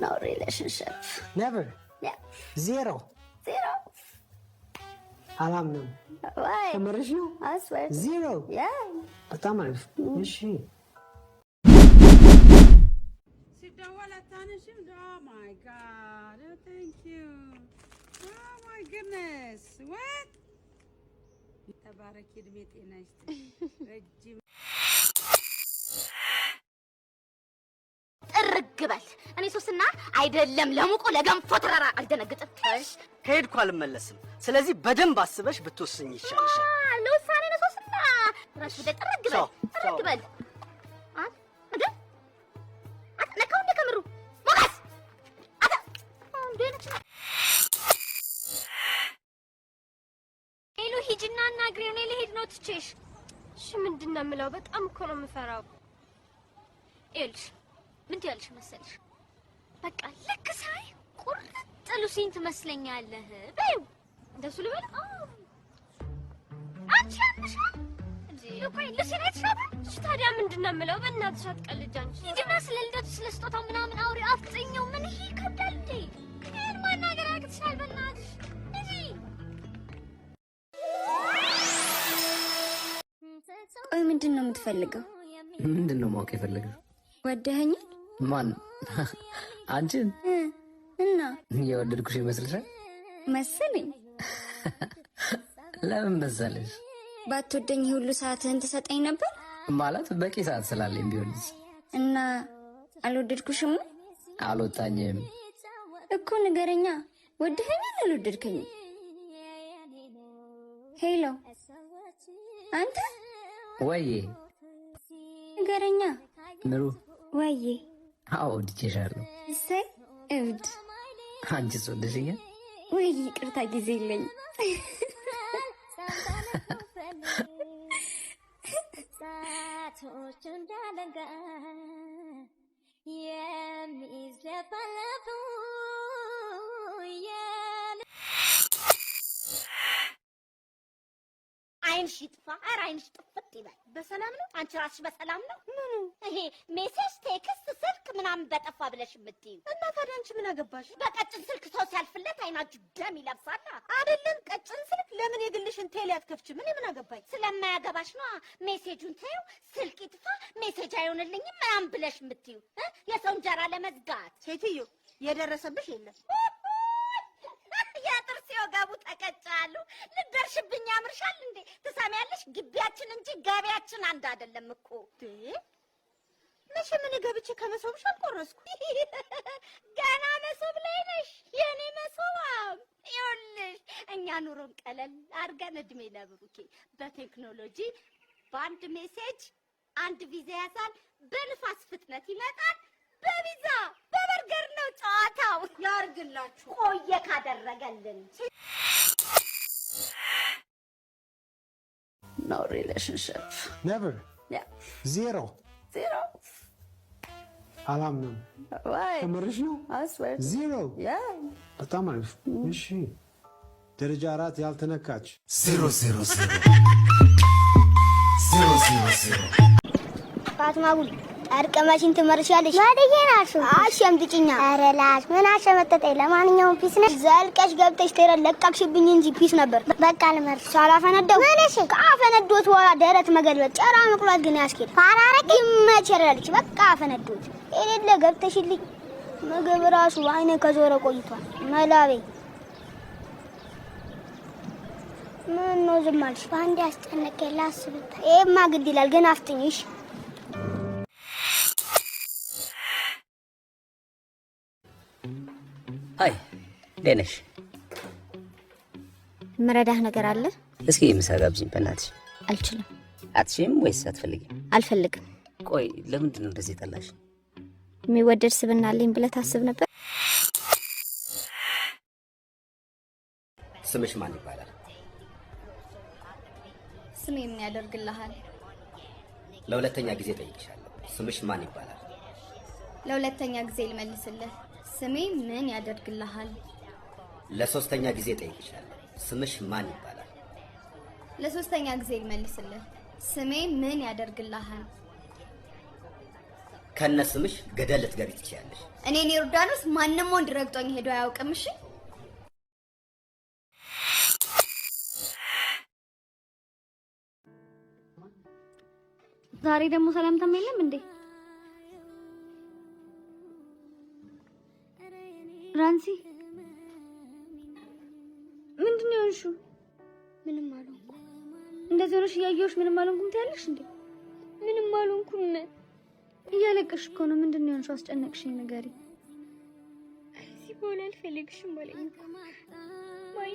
No relationship. Never? Yeah. Zero? Zero. አላምንም። ተመረሽ ነው? ዚሮ በጣም አሪፍ። እሺ ሲደወል አታነሽም? ማይ ጋድ ታንክ ዩ ማይ ግድነስ ወት ተባረኪ፣ እድሜ ጤና ይስጥ ረጅም አይደለም ለሙቁ ለገንፎ ተራራ አልደነግጥም። ከሄድኩ አልመለስም። ስለዚህ በደንብ አስበሽ ብትወስኝ ይሻልሻል። ለውሳኔ ነው ሶስና ራሽ ወደ ጥርግ በል ጥርግ በል እሺ ምንድን ነው የምለው? በጣም እኮ ነው የምፈራው። ይኸውልሽ ምን ትያለሽ መሰለሽ በቃ ልክ ሳይ ቁርጥ ሉሲን ትመስለኛለህ። በዩ እንደሱ ልበል። አንቺ ያምሻ ቆይ ሉሲን አይተሻት? እሺ ታዲያ ምንድን ነው የምለው? በእናትሽ አንቺ ሂጂና ስለ ልደቱ ስለ ምናምን አውሪ። አፍጥኛው ምን ይሄ ይከብዳል እንዴ? ግን ማናገር አቅትሻል። በእናትሽ ቆይ ምንድን ነው የምትፈልገው? ምንድን ነው ማወቅ የፈለገው? ማን አንቺን እና የወደድኩሽ ይመስልሻል? መሰለኝ። ለምን መሰለሽ? ባትወደኝ ሁሉ ሰዓትህን ትሰጠኝ ነበር። ማለት በቂ ሰዓት ስላለኝ ቢሆንስ? እና አልወደድኩሽም? አልወጣኝም እኮ ንገረኛ። ወድኸኝ አልወደድከኝ? ሄሎ፣ አንተ ወዬ፣ ንገረኛ። ምሩ ወዬ፣ አዎ ወድጄሻለሁ። እሰይ እብድ አንቺ ሶልሽኛ ወይ ይቅርታ፣ ጊዜ የለኝ። ቶች እንዳለጋ የሚዘባቱ አይንሽ ይጥፋ፣ ኧረ አይንሽ ጥፍት ይበል። በሰላም ነው አንቺ እራስሽ በሰላም ነው? ምኑ ይሄ ሜሴጅ፣ ቴክስት፣ ስልክ ምናምን በጠፋ ብለሽ የምትይው እና ታዲያ አንቺ ምን አገባሽ? በቀጭን ስልክ ሰው ሲያልፍለት አይናችሁ ደም ይለብሳል አይደለም? ቀጭን ስልክ ለምን የግልሽን ቴሌ አትከፍችም? እኔ ምን አገባኝ? ስለማያገባሽ ነዋ። ሜሴጁን ታየው፣ ስልክ ይጥፋ፣ ሜሴጅ አይሆንልኝም ምናምን ብለሽ የምትይው የሰው እንጀራ ለመዝጋት ሴትዮ፣ የደረሰብሽ የለም ወገቡ ተቀጫ አሉ። ልደርሽብኝ ያምርሻል እንዴ? ትሰሚያለሽ? ግቢያችን እንጂ ገቢያችን አንድ አይደለም እኮ መቼ ምን ገብቼ ከመሶብሽ አልቆረስኩ። ገና መሶብ ላይ ነሽ የኔ መሶባም። ይኸውልሽ እኛ ኑሮን ቀለል አድርገን እድሜ ለብሩኬ በቴክኖሎጂ በአንድ ሜሴጅ አንድ ቪዛ ያሳል፣ በንፋስ ፍጥነት ይመጣል። ጨዋታው ያርግላችሁ። ቆየ ካደረገልን ኖ ሪሌሽንሽፕ ነቨር ዜሮ ዜሮ አላምንም። ተመርሽ ነው ዜሮ። በጣም አሪፍ እሺ። ደረጃ አራት ያልተነካች ዜሮ ዜሮ ዜሮ ዜሮ ዜሮ ዜሮ አድቀማሽን ትመርሻለሽ። ማደዬን አሹ አሸምጥጭኛ ኧረ ላሽ ምን አሸመጠጠኝ። ለማንኛውም ፒስ ነሽ። ዘልቀሽ ገብተሽ ተረ ለቃቅሽብኝ እንጂ ፒስ ነበር። በቃ ልመርሽ ሳላፈነደው ምን እሺ፣ ካፈነዶት ወራ ደረት መገልበጥ ጨራ መቁላት ግን ያስኬድ ፋራረቅ ይመቸራልሽ። በቃ አፈነዶት የሌለ ገብተሽልኝ ምግብ ራሱ አይነ ከዞረ ቆይቷል። መላቤ ምን ነው ዝም አልሽ? በአንዴ አስጨነቀኝ። ላስብበት። ይሄማ ግድ ይላል ግን አፍጥኝሽ እንዴት ነሽ? መረዳህ ነገር አለ። እስኪ ምሳ ጋብዥኝ በእናትሽ። አልችልም። አትሽም ወይስ አትፈልጊም? አልፈልግም። ቆይ ለምንድን ነው እንደዚህ ጠላሽ? የሚወደድ ስብና አለኝ ብለህ ታስብ ነበር? ስምሽ ማን ይባላል? ስሜ ምን ያደርግልሃል? ለሁለተኛ ጊዜ ጠይቅሻለሁ። ስምሽ ማን ይባላል? ለሁለተኛ ጊዜ ልመልስልህ። ስሜ ምን ያደርግልሃል? ለሶስተኛ ጊዜ ጠይቅሻል። ስምሽ ማን ይባላል? ለሶስተኛ ጊዜ ይመልስልህ፣ ስሜ ምን ያደርግልሃል? ከነ ስምሽ ገደል ልትገቢ ትችያለሽ። እኔን ዮርዳኖስ ማንም ወንድ ረግጦኝ ሄዶ አያውቅምሽ? ዛሬ ደግሞ ሰላምታም የለም እንዴ? ራንሲ ሆንሹ? ምንም አልሆንኩም። እንደዚህ ሆነሽ እያየሁሽ ምንም አልሆንኩም ትያለሽ እንዴ? ምንም አልሆንኩም። እያለቀሽ እኮ ነው። ምንድን ነው የሆንሽው? አስጨነቅሽኝ። ንገሪ። እዚህ በሆነ አልፈልግሽም አለኝ እኮ ማለት ቆይ፣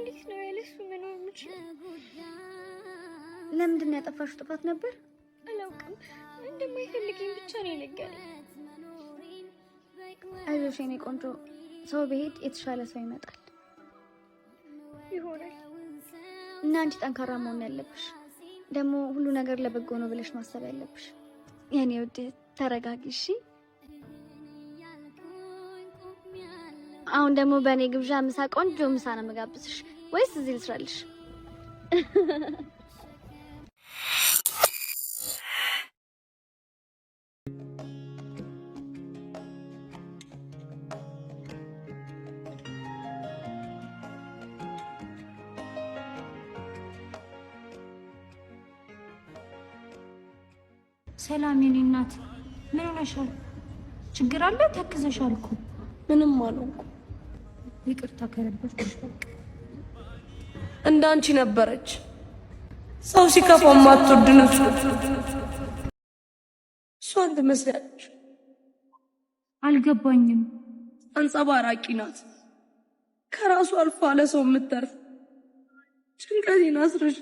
እንዴት ነው ምን መኖር የምችለው? ለምንድን ነው ያጠፋሽው? ጥፋት ነበር? አላውቅም። እንደማይፈልግኝ ብቻ ነው የነገረኝ። አይዞሽ የኔ ቆንጆ፣ ሰው ብሄድ የተሻለ ሰው ይመጣል። ይሆናል እና አንቺ ጠንካራ መሆን ያለብሽ ደግሞ ሁሉ ነገር ለበጎ ነው ብለሽ ማሰብ ያለብሽ። የኔ ውድ ተረጋጊ እሺ። አሁን ደግሞ በእኔ ግብዣ ምሳ ቆንጆ ምሳ ነው የምጋብዝሽ። ወይስ እዚህ ልስራልሽ? ሰላም የኔ እናት፣ ምን ሆነሻል? ችግር አለ? ተክዘሻል እኮ። ምንም አልሆንኩ። ይቅርታ ከረበሽ። እንዳንቺ ነበረች ሰው ሲከፋ ማትወድ ነች። እሷን ትመስላለች። አልገባኝም። አንጸባራቂ ናት። ከራሱ አልፎ ለሰው የምትተርፍ ጭንቀቴን አስረሽ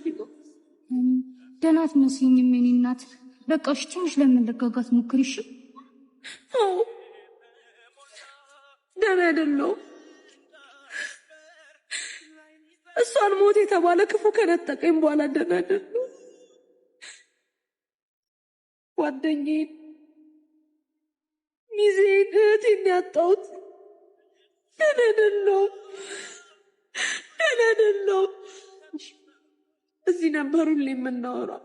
ደህና አትመስይኝም የኔ እናት በቃ እሺ፣ ትንሽ ለመለጋጋት ሞክሪ። እሺ። ደህና አይደለሁም። እሷን ሞት የተባለ ክፉ ከነጠቀኝ በኋላ ደህና አይደለሁም። ጓደኛዬን፣ ሚዜን፣ እህቴን ያጣሁት ደህና አይደለሁም። ደህና አይደለሁም። እዚህ ነበር ሁሌ የምናወራው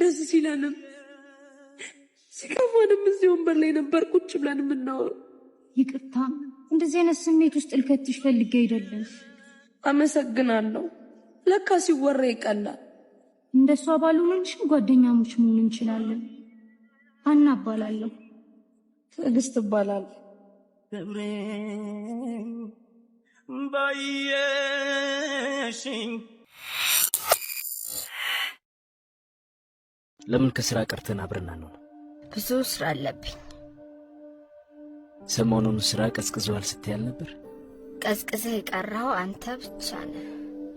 ደስ ሲለንም ሲከፋንም እዚህ ወንበር ላይ ነበር ቁጭ ብለን የምናወሩ። ይቅርታ እንደዚህ አይነት ስሜት ውስጥ ልከትሽ ፈልጌ አይደለም። አመሰግናለሁ። ለካ ሲወራ ይቀላል። እንደሷ ባልሆንልሽም ጓደኛሞች መሆን እንችላለን። አና እባላለሁ። ትዕግስት እባላለሁ። ባየሽኝ ለምን ከስራ ቀርተን አብረና ነው? ብዙ ስራ አለብኝ። ሰሞኑን ስራ ቀዝቅዘዋል ስትያል ነበር። ቀዝቅዘህ የቀራኸው አንተ ብቻ ነህ።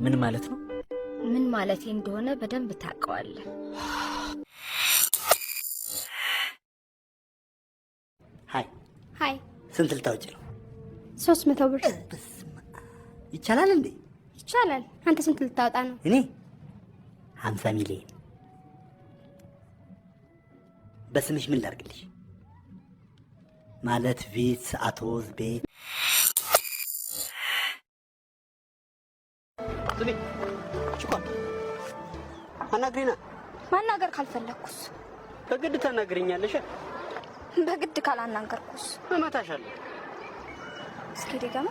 ምን ማለት ነው? ምን ማለቴ እንደሆነ በደንብ ታውቀዋለህ። ሀይ ሀይ። ስንት ልታወጪ ነው? ሶስት መቶ ብር ይቻላል እንዴ? ይቻላል። አንተ ስንት ልታወጣ ነው? እኔ ሀምሳ ሚሊዮን በስምሽ ምን ላርግልሽ? ማለት ቪት አቶዝ ቤት ስሚ ችኳል አናግሪና ማናገር ካልፈለግኩስ በግድ ታናግሪኛለሽ። በግድ ካላናገርኩስ እመታሻለሁ። እስኪ ደገማ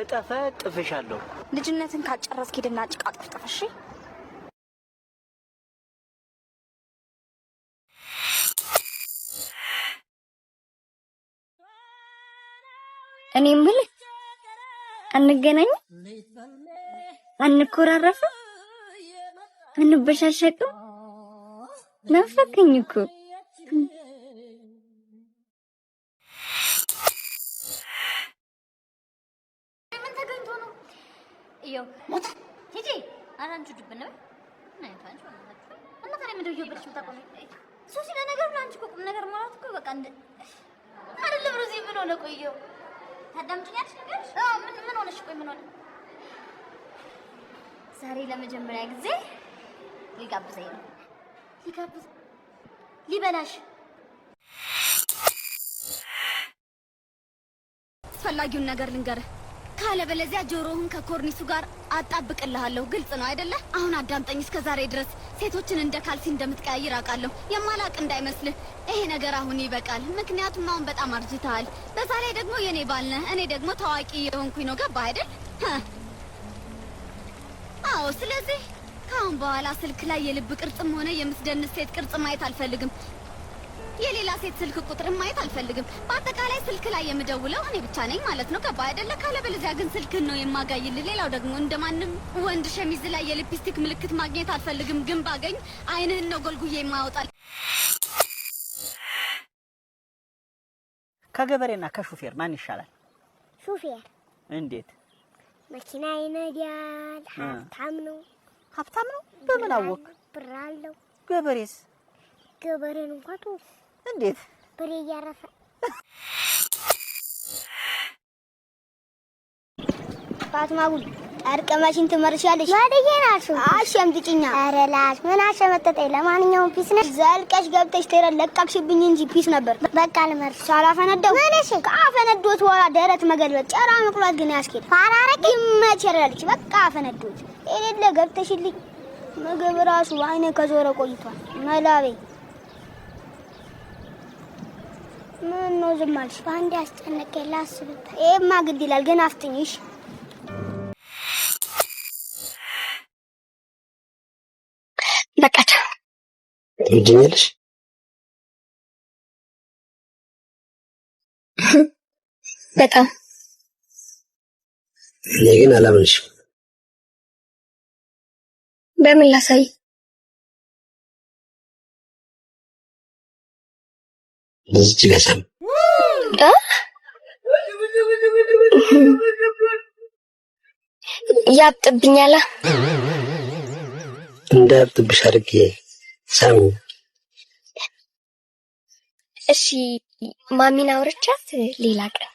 እጠፈ ጥፍሻለሁ። ልጅነትን ካልጨረስክ ሂድና ጭቃ ጠፍጥፈሽ እኔ የምልህ አንገናኝ፣ አንኮራረፍም? አንበሻሸቅም? ናፈከኝ እኮ። ሶሲ ለነገሩ አንቺ እኮ ቁም ነገር ማለት እኮ በቃ እንደ አይደለም። ሮዚ ምን ሆነ ቆየው ታዳምጪኛለሽ? ንገሪሽ። አዎ። ምን ምን ሆነሽ? ቆይ ምን ሆነ? ዛሬ ለመጀመሪያ ጊዜ ሊጋብዘኝ ነው። ሊጋብዝ ሊበላሽ ፈላጊውን ነገር ልንገርህ ካለበለዚያ ጆሮህን ከኮርኒሱ ጋር አጣብቅልሃለሁ። ግልጽ ነው አይደለ? አሁን አዳምጠኝ። እስከ ዛሬ ድረስ ሴቶችን እንደ ካልሲ እንደምትቀያይር አውቃለሁ። የማላቅ እንዳይመስልህ። ይሄ ነገር አሁን ይበቃል። ምክንያቱም አሁን በጣም አርጅተሃል። በዛ ላይ ደግሞ የኔ ባልነ እኔ ደግሞ ታዋቂ የሆንኩኝ ነው። ገባህ አይደል? አዎ። ስለዚህ ከአሁን በኋላ ስልክ ላይ የልብ ቅርጽም ሆነ የምትደንስ ሴት ቅርጽ ማየት አልፈልግም። የሌላ ሴት ስልክ ቁጥርን ማየት አልፈልግም። በአጠቃላይ ስልክ ላይ የምደውለው እኔ ብቻ ነኝ ማለት ነው። ከባ አይደለ? ካለበለዚያ ግን ስልክን ነው የማጋይል። ሌላው ደግሞ እንደማንም ወንድ ሸሚዝ ላይ የሊፕስቲክ ምልክት ማግኘት አልፈልግም። ግን ባገኝ አይንህን ነው ጎልጉዬ የማያወጣል። ከገበሬና ከሹፌር ማን ይሻላል? ሹፌር። እንዴት? መኪና ይነዳል፣ ሀብታም ነው። ሀብታም ነው? በምን አወቅ? ብር አለው። ገበሬስ? ገበሬን እንኳን እንዴት ብሬ እያረፈ ፋትማ ጉል ጨርቅ መሽን ትመርሻለሽ። ማደጌን አሹ አሽ አምጥጪኛ። ኧረ ላሽ ምን አሸመጠጠኝ። ለማንኛውም ፒስ ነሽ። ዘልቀሽ ገብተሽ ተራ ለቃቅሽብኝ እንጂ ፒስ ነበር። በቃ ልመርሽ ሳላፈነደው ምንሽ ከአፈነዶት በኋላ ደረት መገልበጥ ጨራ መቁላት ግን ያስኬድ ፋራረቅ ይመቸራልች። በቃ አፈነዶት የሌለ ገብተሽልኝ ምግብ ራሱ አይነ ከዞረ ቆይቷል መላቤ ምን ነው ዝም አልሽ? በአንድ ያስጨነቀኝ ላስብበት። ይሄማ ግድ ይላል ግን አፍጥኝሽ። በቃች ትወጂኛለሽ? በጣም እኔ ግን አላምንሽም። በምን ላሳይ? እንደዚህ ይገሳል። ያብጥብኛላ እንደ ያብጥብሽ አድርጌ ሳሚ። እሺ ማሚን አውርቻት ሌላ ቀን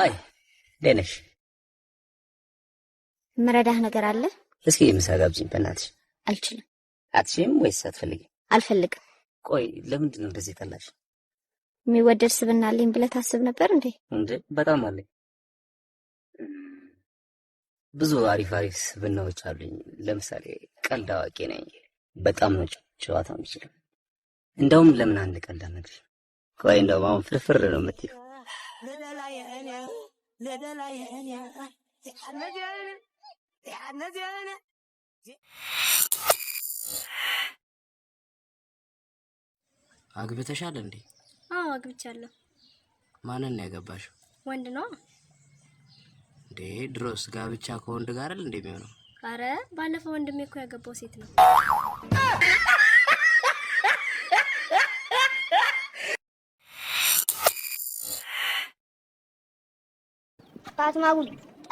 ሀይ ደህና ነሽ? ምረዳህ ነገር አለ? እስኪ ምሳ ጋብዥኝ በእናትሽ። አልችልም። አትሽም ወይስ አትፈልጊም? አልፈልግም። ቆይ ለምንድን ነው እንደዚህ ጠላሽ? የሚወደድ ስብና አለኝ ብለህ ታስብ ነበር እንዴ? እንዴ በጣም አለኝ። ብዙ አሪፍ አሪፍ ስብናዎች አሉኝ። ለምሳሌ ቀልድ አዋቂ ነኝ። በጣም ነው ጨዋታ የምችለው። እንደውም ለምን አንድ ቀልድ አነግርሽ። ቆይ እንደውም አሁን ፍርፍር ነው የምትይው አግብተሻል እንዴ? አዎ አግብቻለሁ። ማንን ነው ያገባሽው? ወንድ ነው እንዴ? ድሮስ ጋብቻ ከወንድ ጋር አይደል እንዴ የሚሆነው? አረ ባለፈው ወንድሜ እኮ ያገባው ሴት ነው። ፋትማ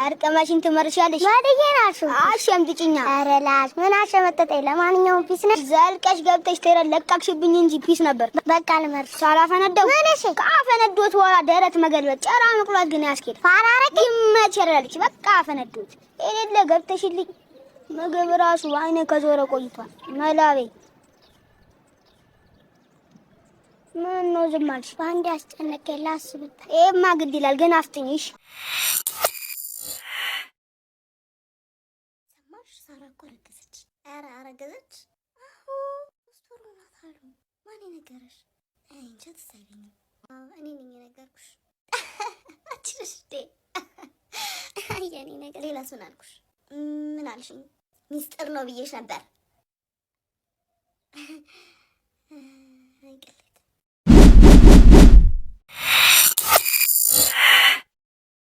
አርቀማሽን ትመርሻለሽ ማደጌ ናችሁ። አሽ አምጥጪኛ። ኧረ ላሽ ምን አሸመጠጠኝ። ለማንኛውም ፒስ ነሽ። ዘልቀሽ ገብተሽ ተረ ለቃቅሽብኝ እንጂ ፒስ ነበር። በቃ ልመርሽ ሳላፈነደው ምን እሺ። ካፈነዶት በኋላ ደረት መገልበጥ ጨራ መቁላት ግን ያስኬድ ፋራረቅ ይመቸረልሽ በቃ አፈነዶት የሌለ ገብተሽልኝ ምግብ ራሱ አይኔ ከዞረ ቆይቷል። መላቤ ምን ነው ዝም አልሽ? በአንድ ያስጨነቀኝ ላስብበት። ይሄማ ግድ ይላል ግን አፍጥኝሽ ገባሽ? ሳራ እኮ አረገዘች። ኧረ አረገዘች? አሁ ሶስት ወር ሆናት አሉ። ማን የነገረሽ? እንጃ ትዝ አይለኝም። እኔ ነኝ የነገርኩሽ። አችሽ ዴ የኔ ነገር ሌላ ምን አልኩሽ? ምን አልሽኝ? ሚስጥር ነው ብዬሽ ነበር።